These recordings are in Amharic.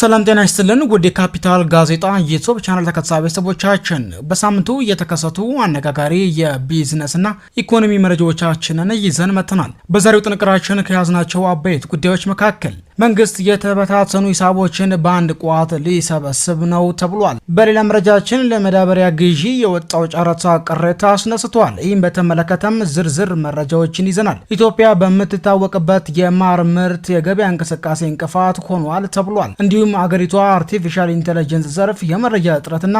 ሰላም ጤና ይስጥልን። ውድ የካፒታል ጋዜጣ የዩቲዩብ ቻናል ተከታታይ ቤተሰቦቻችን በሳምንቱ የተከሰቱ አነጋጋሪ የቢዝነስና ኢኮኖሚ መረጃዎቻችንን ይዘን መጥተናል። በዛሬው ጥንቅራችን ከያዝናቸው አበይት ጉዳዮች መካከል መንግስት የተበታተኑ ሂሳቦችን በአንድ ቋት ሊሰበስብ ነው ተብሏል። በሌላ መረጃችን ለመዳበሪያ ግዢ የወጣው ጨረታ ቅሬታ አስነስቷል። ይህም በተመለከተም ዝርዝር መረጃዎችን ይዘናል። ኢትዮጵያ በምትታወቅበት የማር ምርት የገበያ እንቅስቃሴ እንቅፋት ሆኗል ተብሏል። እንዲሁም በዚህም አገሪቷ አርቲፊሻል ኢንቴለጀንስ ዘርፍ የመረጃ እጥረትና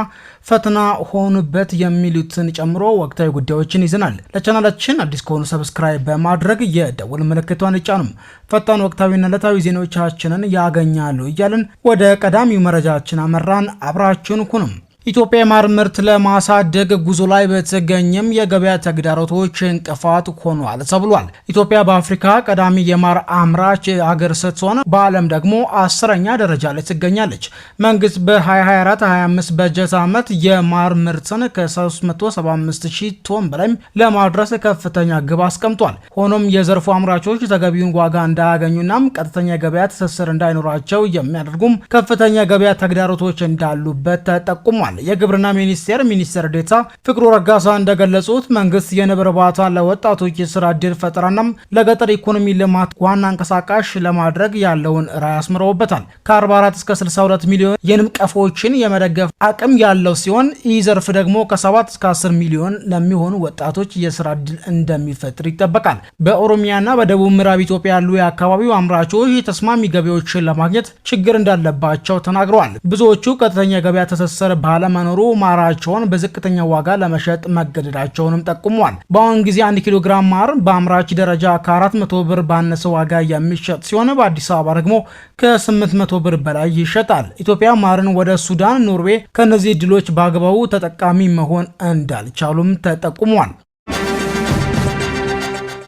ፈተና ሆኑበት የሚሉትን ጨምሮ ወቅታዊ ጉዳዮችን ይዘናል። ለቻናላችን አዲስ ከሆኑ ሰብስክራይብ በማድረግ የደውል ምልክቷን ይጫኑም። ፈጣን ወቅታዊና ዕለታዊ ዜናዎቻችንን ያገኛሉ እያልን ወደ ቀዳሚው መረጃችን አመራን። አብራችሁን ሁኑም። ኢትዮጵያ የማር ምርት ለማሳደግ ጉዞ ላይ በተገኘም የገበያ ተግዳሮቶች እንቅፋት ሆኗል ተብሏል። ኢትዮጵያ በአፍሪካ ቀዳሚ የማር አምራች አገር ስትሆን በዓለም ደግሞ አስረኛ ደረጃ ላይ ትገኛለች። መንግስት በ2024/25 በጀት ዓመት የማር ምርትን ከ375000 ቶን በላይም ለማድረስ ከፍተኛ ግብ አስቀምጧል። ሆኖም የዘርፉ አምራቾች ተገቢውን ዋጋ እንዳያገኙናም ቀጥተኛ የገበያ ትስስር እንዳይኖራቸው የሚያደርጉም ከፍተኛ የገበያ ተግዳሮቶች እንዳሉበት ተጠቁሟል። ተጠቅሷል። የግብርና ሚኒስቴር ሚኒስትር ዴታ ፍቅሩ ረጋሳ እንደገለጹት መንግስት የንብ እርባታ ለወጣቶች የስራ እድል ፈጠራና ለገጠር ኢኮኖሚ ልማት ዋና እንቀሳቃሽ ለማድረግ ያለውን ራዕይ አስምረውበታል። ከ44 እስከ 62 ሚሊዮን የንብ ቀፎዎችን የመደገፍ አቅም ያለው ሲሆን ይህ ዘርፍ ደግሞ ከ7 እስከ 10 ሚሊዮን ለሚሆኑ ወጣቶች የስራ እድል እንደሚፈጥር ይጠበቃል። በኦሮሚያና በደቡብ ምዕራብ ኢትዮጵያ ያሉ የአካባቢው አምራቾች ተስማሚ ገቢዎችን ለማግኘት ችግር እንዳለባቸው ተናግረዋል። ብዙዎቹ ቀጥተኛ ገበያ ተሰሰረ ባህል ባለመኖሩ ማራቸውን በዝቅተኛ ዋጋ ለመሸጥ መገደዳቸውንም ጠቁሟል። በአሁን ጊዜ አንድ ኪሎ ግራም ማር በአምራች ደረጃ ከ400 ብር ባነሰ ዋጋ የሚሸጥ ሲሆን በአዲስ አበባ ደግሞ ከ800 ብር በላይ ይሸጣል። ኢትዮጵያ ማርን ወደ ሱዳን፣ ኖርዌይ ከእነዚህ እድሎች በአግባቡ ተጠቃሚ መሆን እንዳልቻሉም ተጠቁሟል።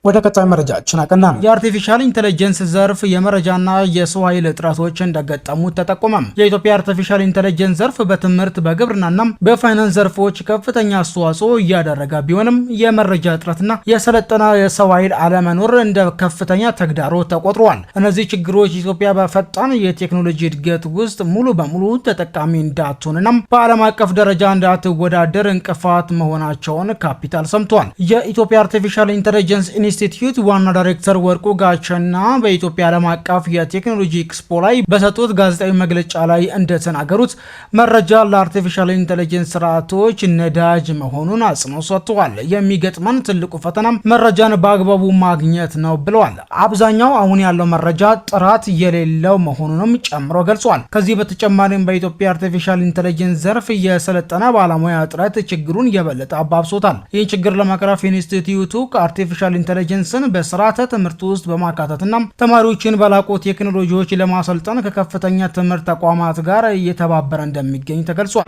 ወደ ቀጣይ መረጃችን አቀናል። የአርቲፊሻል ኢንቴሊጀንስ ዘርፍ የመረጃና የሰው ኃይል እጥረቶች እንደገጠሙት ተጠቆመም። የኢትዮጵያ አርቲፊሻል ኢንቴሊጀንስ ዘርፍ በትምህርት በግብርናና በፋይናንስ ዘርፎች ከፍተኛ አስተዋጽኦ እያደረገ ቢሆንም የመረጃ እጥረትና የሰለጠነ የሰው ኃይል አለመኖር እንደ ከፍተኛ ተግዳሮ ተቆጥሯል። እነዚህ ችግሮች ኢትዮጵያ በፈጣን የቴክኖሎጂ እድገት ውስጥ ሙሉ በሙሉ ተጠቃሚ እንዳትሆንና በዓለም አቀፍ ደረጃ እንዳትወዳደር እንቅፋት መሆናቸውን ካፒታል ሰምቷል። የኢትዮጵያ አርቲፊሻል ኢንቴሊጀንስ ኢንስቲትዩት ዋና ዳይሬክተር ወርቁ ጋቸና በኢትዮጵያ ዓለም አቀፍ የቴክኖሎጂ ኤክስፖ ላይ በሰጡት ጋዜጣዊ መግለጫ ላይ እንደተናገሩት መረጃ ለአርቲፊሻል ኢንቴሊጀንስ ስርዓቶች ነዳጅ መሆኑን አጽንኦት ሰጥተዋል። የሚገጥመን ትልቁ ፈተናም መረጃን በአግባቡ ማግኘት ነው ብለዋል። አብዛኛው አሁን ያለው መረጃ ጥራት የሌለው መሆኑንም ጨምሮ ገልጿል። ከዚህ በተጨማሪም በኢትዮጵያ አርቲፊሻል ኢንቴሊጀንስ ዘርፍ የሰለጠነ ባለሙያ እጥረት ችግሩን የበለጠ አባብሶታል። ይህን ችግር ለመቅረፍ ኢንስቲትዩቱ ከአርቲፊሻል ኢንቴሊጀንስ ኢንቴሊጀንስን በስርዓተ ትምህርት ውስጥ በማካተትና ተማሪዎችን በላቁ ቴክኖሎጂዎች ለማሰልጠን ከከፍተኛ ትምህርት ተቋማት ጋር እየተባበረ እንደሚገኝ ተገልጿል።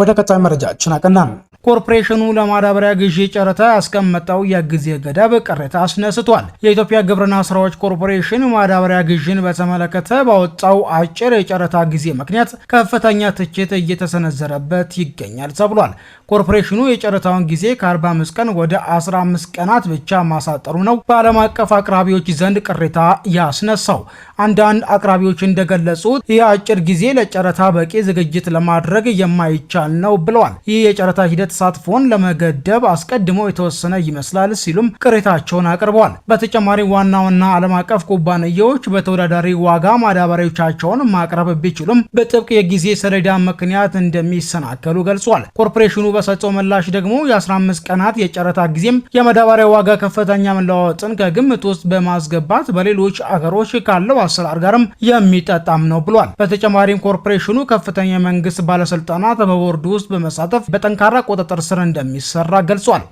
ወደ ቀጣይ መረጃችን አቀናን። ኮርፖሬሽኑ ለማዳበሪያ ግዢ ጨረታ ያስቀመጠው የጊዜ ገደብ ቅሬታ አስነስቷል። የኢትዮጵያ ግብርና ስራዎች ኮርፖሬሽን ማዳበሪያ ግዢን በተመለከተ ባወጣው አጭር የጨረታ ጊዜ ምክንያት ከፍተኛ ትችት እየተሰነዘረበት ይገኛል ተብሏል። ኮርፖሬሽኑ የጨረታውን ጊዜ ከ45 ቀን ወደ 15 ቀናት ብቻ ማሳጠሩ ነው በዓለም አቀፍ አቅራቢዎች ዘንድ ቅሬታ ያስነሳው። አንዳንድ አቅራቢዎች እንደገለጹት ይህ አጭር ጊዜ ለጨረታ በቂ ዝግጅት ለማድረግ የማይቻል ነው ብለዋል። ይህ የጨረታ ሂደት ተሳትፎን ለመገደብ አስቀድሞ የተወሰነ ይመስላል ሲሉም ቅሬታቸውን አቅርበዋል። በተጨማሪ ዋና ዋና ዓለም አቀፍ ኩባንያዎች በተወዳዳሪ ዋጋ ማዳበሪያዎቻቸውን ማቅረብ ቢችሉም በጥብቅ የጊዜ ሰሌዳ ምክንያት እንደሚሰናከሉ ገልጿል። ኮርፖሬሽኑ በሰጠው ምላሽ ደግሞ የ15 ቀናት የጨረታ ጊዜም የመዳበሪያ ዋጋ ከፍተኛ መለዋወጥን ከግምት ውስጥ በማስገባት በሌሎች አገሮች ካለው አሰራር ጋርም የሚጠጣም ነው ብሏል። በተጨማሪም ኮርፖሬሽኑ ከፍተኛ የመንግስት ባለስልጣናት በቦርድ ውስጥ በመሳተፍ በጠንካራ ቁጥጥር ስር እንደሚሰራ ገልጿል።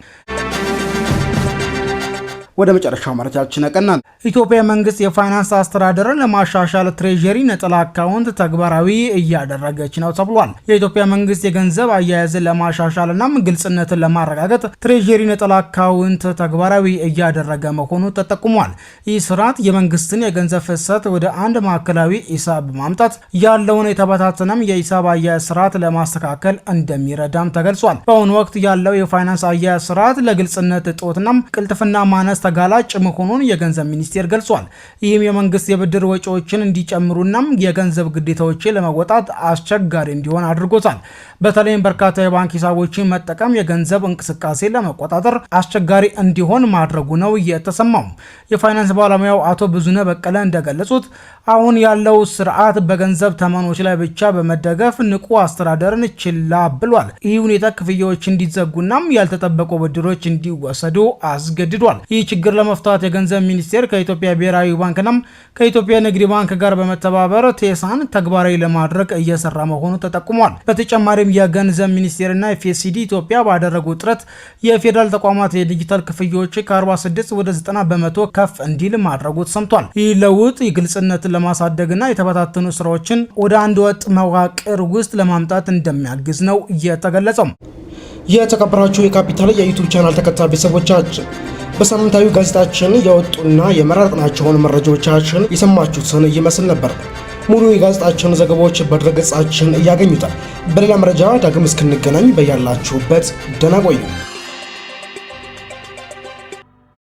ወደ መጨረሻው መረጃችን ያቀናል። ኢትዮጵያ መንግስት የፋይናንስ አስተዳደርን ለማሻሻል ትሬዥሪ ነጠላ አካውንት ተግባራዊ እያደረገች ነው ተብሏል። የኢትዮጵያ መንግስት የገንዘብ አያያዝን ለማሻሻል እናም ግልጽነትን ለማረጋገጥ ትሬዥሪ ነጠላ አካውንት ተግባራዊ እያደረገ መሆኑ ተጠቁሟል። ይህ ስርዓት የመንግስትን የገንዘብ ፍሰት ወደ አንድ ማዕከላዊ ሂሳብ በማምጣት ያለውን የተበታተነም የሂሳብ አያያዝ ስርዓት ለማስተካከል እንደሚረዳም ተገልጿል። በአሁኑ ወቅት ያለው የፋይናንስ አያያዝ ስርዓት ለግልጽነት እጦትናም ቅልጥፍና ማነስ ተጋላጭ መሆኑን የገንዘብ ሚኒስቴር ገልጿል። ይህም የመንግስት የብድር ወጪዎችን እንዲጨምሩናም የገንዘብ ግዴታዎችን ለመወጣት አስቸጋሪ እንዲሆን አድርጎታል። በተለይም በርካታ የባንክ ሂሳቦችን መጠቀም የገንዘብ እንቅስቃሴ ለመቆጣጠር አስቸጋሪ እንዲሆን ማድረጉ ነው የተሰማው። የፋይናንስ ባለሙያው አቶ ብዙነ በቀለ እንደገለጹት አሁን ያለው ስርዓት በገንዘብ ተመኖች ላይ ብቻ በመደገፍ ንቁ አስተዳደርን ችላ ብሏል። ይህ ሁኔታ ክፍያዎች እንዲዘጉናም ያልተጠበቁ ብድሮች እንዲወሰዱ አስገድዷል። ይህ ችግር ለመፍታት የገንዘብ ሚኒስቴር ከኢትዮጵያ ብሔራዊ ባንክና ከኢትዮጵያ ንግድ ባንክ ጋር በመተባበር ቴሳን ተግባራዊ ለማድረግ እየሰራ መሆኑ ተጠቁሟል። በተጨማሪም የገንዘብ ሚኒስቴርና ኤፍኤስሲዲ ኢትዮጵያ ባደረጉ ጥረት የፌዴራል ተቋማት የዲጂታል ክፍያዎች ከ46 ወደ 90 በመቶ ከፍ እንዲል ማድረጉ ተሰምቷል። ይህ ለውጥ ግልጽነትን ለማሳደግና የተበታተኑ ስራዎችን ወደ አንድ ወጥ መዋቅር ውስጥ ለማምጣት እንደሚያግዝ ነው እየተገለጸው። የተከበራችሁ የካፒታል የዩቱብ ቻናል ተከታታይ ቤተሰቦቻችን በሳምንታዊ ጋዜጣችን የወጡና የመረጥናቸውን መረጃዎቻችን የሰማችሁትን ይመስል ነበር። ሙሉ የጋዜጣችን ዘገባዎች በድረገጻችን ያገኙታል። በሌላ መረጃ ዳግም እስክንገናኝ በያላችሁበት ደህና ቆዩ።